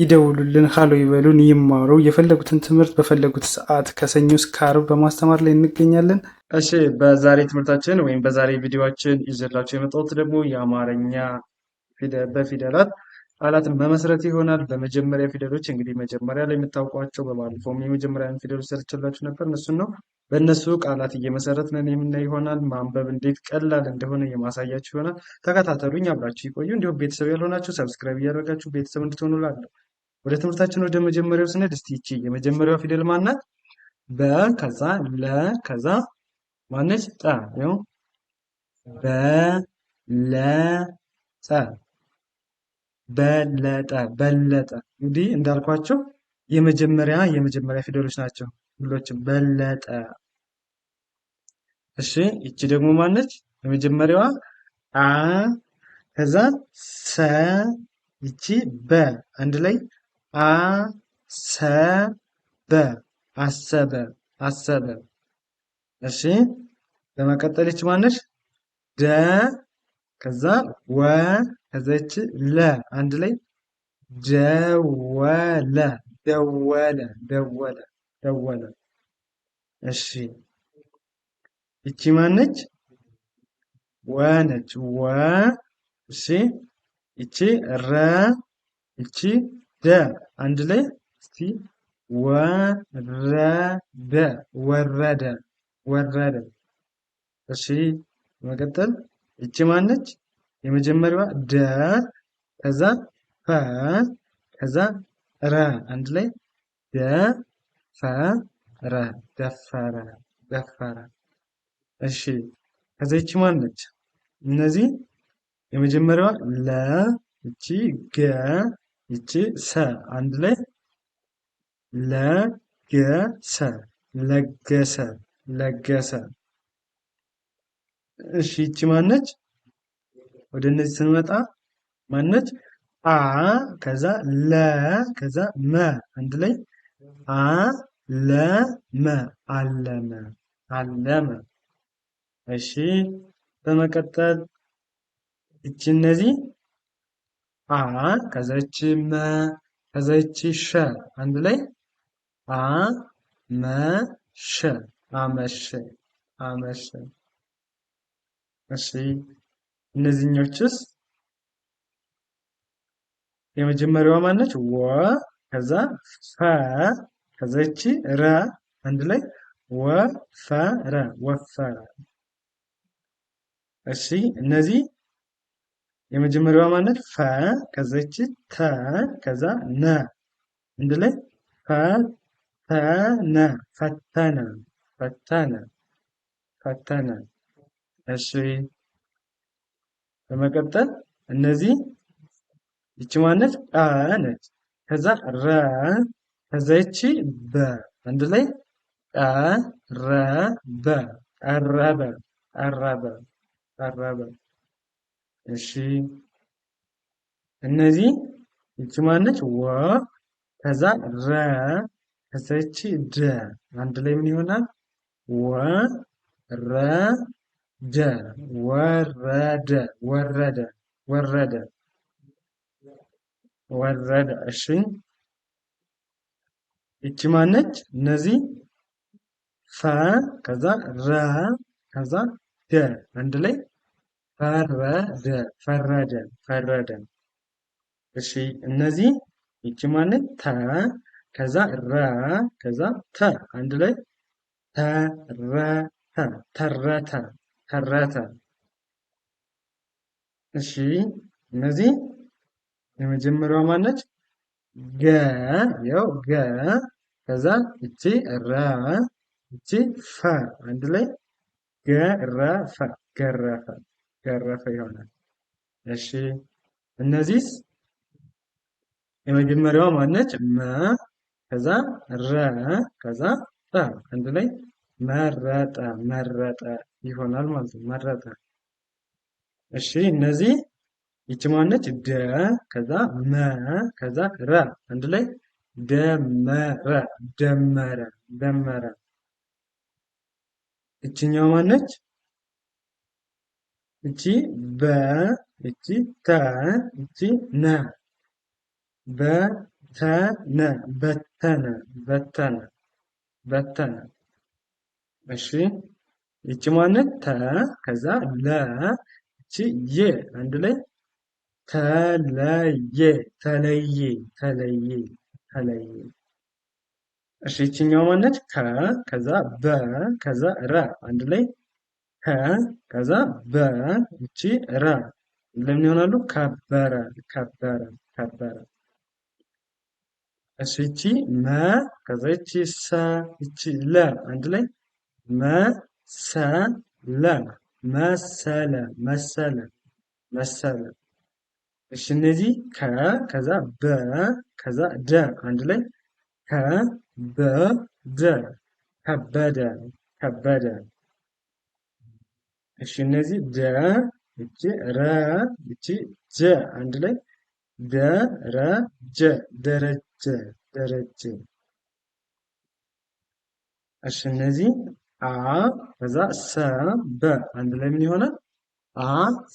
ይደውሉልን፣ ሀሎ ይበሉን፣ ይማሩ። የፈለጉትን ትምህርት በፈለጉት ሰዓት ከሰኞ እስከ ዓርብ በማስተማር ላይ እንገኛለን። እሺ፣ በዛሬ ትምህርታችን ወይም በዛሬ ቪዲዮችን ይዘላቸው የመጣሁት ደግሞ የአማርኛ በፊደላት ቃላትን መመስረት ይሆናል። በመጀመሪያ ፊደሎች እንግዲህ መጀመሪያ ላይ የምታውቋቸው በባለፈውም የመጀመሪያ ፊደሎች ሰርችላችሁ ነበር። እነሱን ነው በእነሱ ቃላት እየመሰረት ነን የምናይ ይሆናል። ማንበብ እንዴት ቀላል እንደሆነ የማሳያችሁ ይሆናል። ተከታተሉኝ፣ አብራችሁ ይቆዩ። እንዲሁም ቤተሰብ ያልሆናችሁ ሰብስክራይብ እያደረጋችሁ ቤተሰብ እንድትሆኑላለሁ። ወደ ትምህርታችን ወደ መጀመሪያው ስነድ እስቲ ይቺ የመጀመሪያው ፊደል ማናት? በ ከዛ ለ ከዛ ማነች? ጠ ነው። በ ለ ጠ በለጠ በለጠ። እንግዲህ እንዳልኳቸው የመጀመሪያ የመጀመሪያ ፊደሎች ናቸው ሁሎችም። በለጠ። እሺ ይቺ ደግሞ ማነች? የመጀመሪያዋ አ ከዛ ሰ ይቺ በ አንድ ላይ አሰበ አሰበ አሰበ። እሺ በመቀጠል ይች ማነች? ደ ከዛ ወ ከዛች ለ አንድ ላይ ደወለ ደወለ ደወለ ደወለ። እሺ ይቺ ማነች? ወ ነች። ወ እሺ ይቺ ረ ይቺ ደ አንድ ላይ እስቲ ወረደ ወረደ ወረደ። እሺ መቀጠል እቺ ማነች? የመጀመሪያዋ ደ ከዛ ፈ ከዛ ረ አንድ ላይ ደ ፈ ረ ደፈረ ደፈረ። እሺ ከዛ እቺ ማነች? እነዚህ የመጀመሪያዋ ለ እቺ ገ ይቺ ሰ አንድ ላይ ለገሰ ለገሰ ለገሰ። እሺ ይቺ ማነች? ወደ እነዚህ ስንመጣ ማነች? አ ከዛ ለ ከዛ መ አንድ ላይ አ መ አለመ አለመ። እሺ በመቀጠል እቺ እነዚህ አ ከዛች መ ከዛች ሸ አንድ ላይ አ መ ሸ አመሸ አመሸ። እሺ እነዚህኞችስ የመጀመሪያዋ ማነች? ወ ከዛ ፈ ከዛች ረ አንድ ላይ ወፈረ ወፈረ። እሺ እነዚህ የመጀመሪያዋ ማለት ፈ ከዚች ተ ከዛ ነ አንድ ላይ ፈተነ ፈተነ ፈተነ ፈተነ። እሺ በመቀጠል እነዚህ ይቺ ማለት አ ነች። ከዛ ረ ከዛ ይቺ በ አንድ ላይ ቀረበ ቀረበ ቀረበ ቀረበ እሺ እነዚህ ይቺ ማነች ወ ከዛ ረ ከዛ ይቺ ደ አንድ ላይ ምን ይሆናል? ወ ረ ደ ወረደ ወረደ ወረደ ወረደ። እሺ ይቺ ማነች? እነዚህ ፈ ከዛ ረ ከዛ ደ አንድ ላይ ፈረደ ፈረደ ፈረደ። እሺ እነዚህ ይቺ ማነት ተ ከዛ ረ ከዛ ተ አንድ ላይ ተረተ ተረተ ተረተ። እሺ እነዚህ የመጀመሪያው ማነች? ገ ያው ገ ከዛ እቺ ረ እቺ ፈ አንድ ላይ ገረፈ ገረፈ ገረፈ ይሆናል። እሺ እነዚህስ የመጀመሪያዋ ማነች? መ ከዛ ረ ከዛ ጠ አንድ ላይ መረጠ መረጠ ይሆናል ማለት ነው። መረጠ። እሺ እነዚህ ይቺ ማነች? ደ ከዛ መ ከዛ ረ አንድ ላይ ደመረ ደመረ ደመረ። ይችኛው ማነች? እቺ በ እቺ ተ እቺ ነ በተነ በተነ በተነ በተነ። እሺ እቺ ማነት ተ ከዛ ለ እቺ የ አንድ ላይ ተለየ ተለየ ተለየ ተለየ። እሺ እቺኛው ከ ከዛ በ ከዛ ረ አንድ ላይ ከ ከዛ በ እቺ ረ ለምን ይሆናሉ? ከበረ ከበረ ከበረ። እሺ እቺ መ ከዛ እቺ ሰ እቺ ለ አንድ ላይ መ ሰ ለ መሰለ መሰለ መሰለ። እሺ እነዚህ ከ ከዛ በ ከዛ ደ አንድ ላይ ከ በ ደ ከበደ ከበደ እሺ እነዚህ ደ እቺ ረ እቺ ጀ አንድ ላይ ደ ረ ጀ ደረጀ ደረጀ። እሺ እነዚህ አ ከዛ ሰ በ አንድ ላይ ምን ይሆናል? አ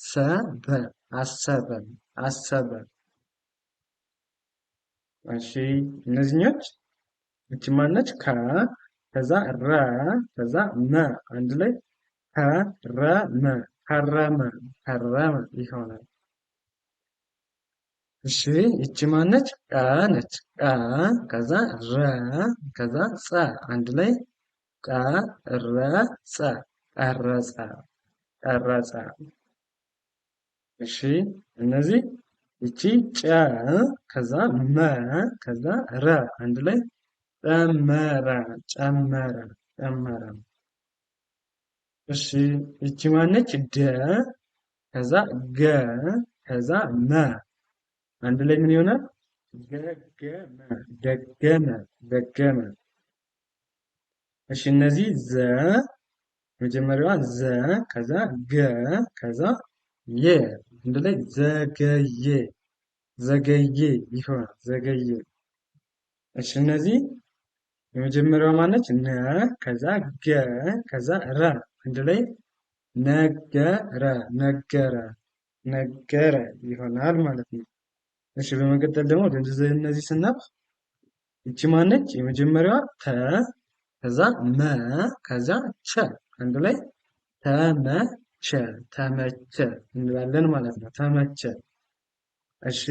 ሰ በ አሰበ አሰበ። እሺ እነዚህኞች እቺ ማነች? ከ ከዛ ረ ከዛ መ አንድ ላይ ከረመ ከረመ ከረመ ይሆናል። እሺ እቺ ማነች? ቀ ነች። ቀ ከዛ ረ ከዛ ፀ አንድ ላይ ቀረጸ ቀረጸ ቀረጸ። እሺ እነዚህ እቺ ጨ ከዛ መ ከዛ ረ አንድ ላይ ጨመረ ጨመረ ጨመረ እሺ እቺ ማነች? ደ ከዛ ገ ከዛ መ አንድ ላይ ምን ይሆናል? ገገመ ደገመ ደገመ። እሺ እነዚህ ዘ መጀመሪያዋ ዘ ከዛ ገ ከዛ የ አንድ ላይ ዘገየ ዘገየ ይሆናል። ዘገየ። እሺ እነዚህ የመጀመሪያዋ ማነች? ነ ከዛ ገ ከዛ ረ አንድ ላይ ነገረ ነገረ ነገረ ይሆናል ማለት ነው። እሺ በመቀጠል ደግሞ ወደ እነዚህ ስናፍ እቺ ማነች? የመጀመሪያዋ ተ ከዛ መ ከዛ ቸ አንድ ላይ ተመቸ ተመቸ እንላለን ማለት ነው። ተመቸ። እሺ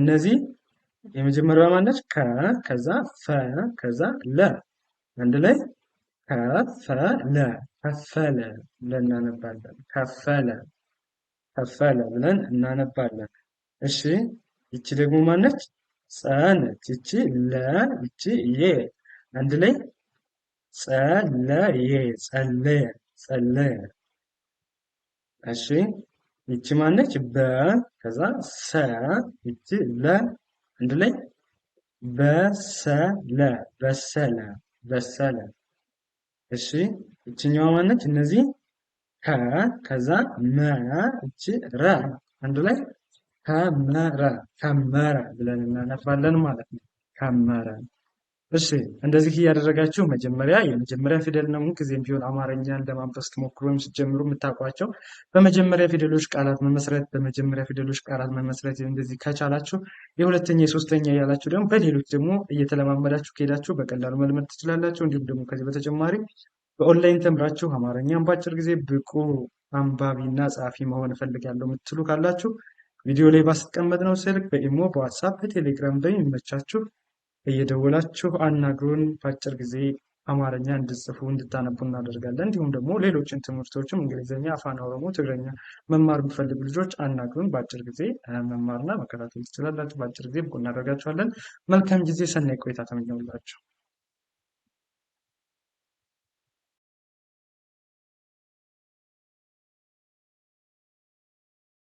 እነዚህ የመጀመሪያዋ ማነች? ከ ከዛ ፈ ከዛ ለ አንድ ላይ ከፈለ ከፈለ ብለን እናነባለን። ከፈለ ከፈለ ብለን እናነባለን። እሺ ይቺ ደግሞ ማነች? ጸነች። ይቺ ለ ይቺ የ አንድ ላይ ጸለየ ጸለየ ጸለየ። እሺ ይቺ ማነች? በ ከዛ ሰ ይቺ ለ አንድ ላይ በሰለ በሰለ በሰለ። እሺ እችኛዋ ማነች? እነዚህ ከ ከዛ መ እቺ ረ አንድ ላይ ከመረ ከመረ ብለን እናነባለን ማለት ነው። ከመረ እሺ እንደዚህ እያደረጋችሁ መጀመሪያ የመጀመሪያ ፊደል ነው። ጊዜም ቢሆን አማርኛን ለማንበብ ስትሞክሩ ወይም ስትጀምሩ የምታውቋቸው በመጀመሪያ ፊደሎች ቃላት መመስረት በመጀመሪያ ፊደሎች ቃላት መመስረት እንደዚህ ከቻላችሁ የሁለተኛ የሶስተኛ እያላችሁ ደግሞ በሌሎች ደግሞ እየተለማመዳችሁ ከሄዳችሁ በቀላሉ መልመድ ትችላላችሁ። እንዲሁም ደግሞ ከዚህ በተጨማሪ በኦንላይን ተምራችሁ አማርኛን በአጭር ጊዜ ብቁ አንባቢና ጸሐፊ መሆን እፈልጋለሁ የምትሉ ካላችሁ ቪዲዮ ላይ ነው ስልክ በኢሞ በዋትሳፕ በቴሌግራም በሚመቻችሁ እየደወላችሁ አናግሩን። በአጭር ጊዜ አማርኛ እንድጽፉ እንድታነቡ እናደርጋለን። እንዲሁም ደግሞ ሌሎችን ትምህርቶችም እንግሊዝኛ፣ አፋን ኦሮሞ፣ ትግረኛ መማር የሚፈልጉ ልጆች አናግሩን። በአጭር ጊዜ መማርና መከታተል ትችላላችሁ። በአጭር ጊዜ ብቁ እናደርጋችኋለን። መልካም ጊዜ፣ ሰናይ ቆይታ ተመኘሁላችሁ።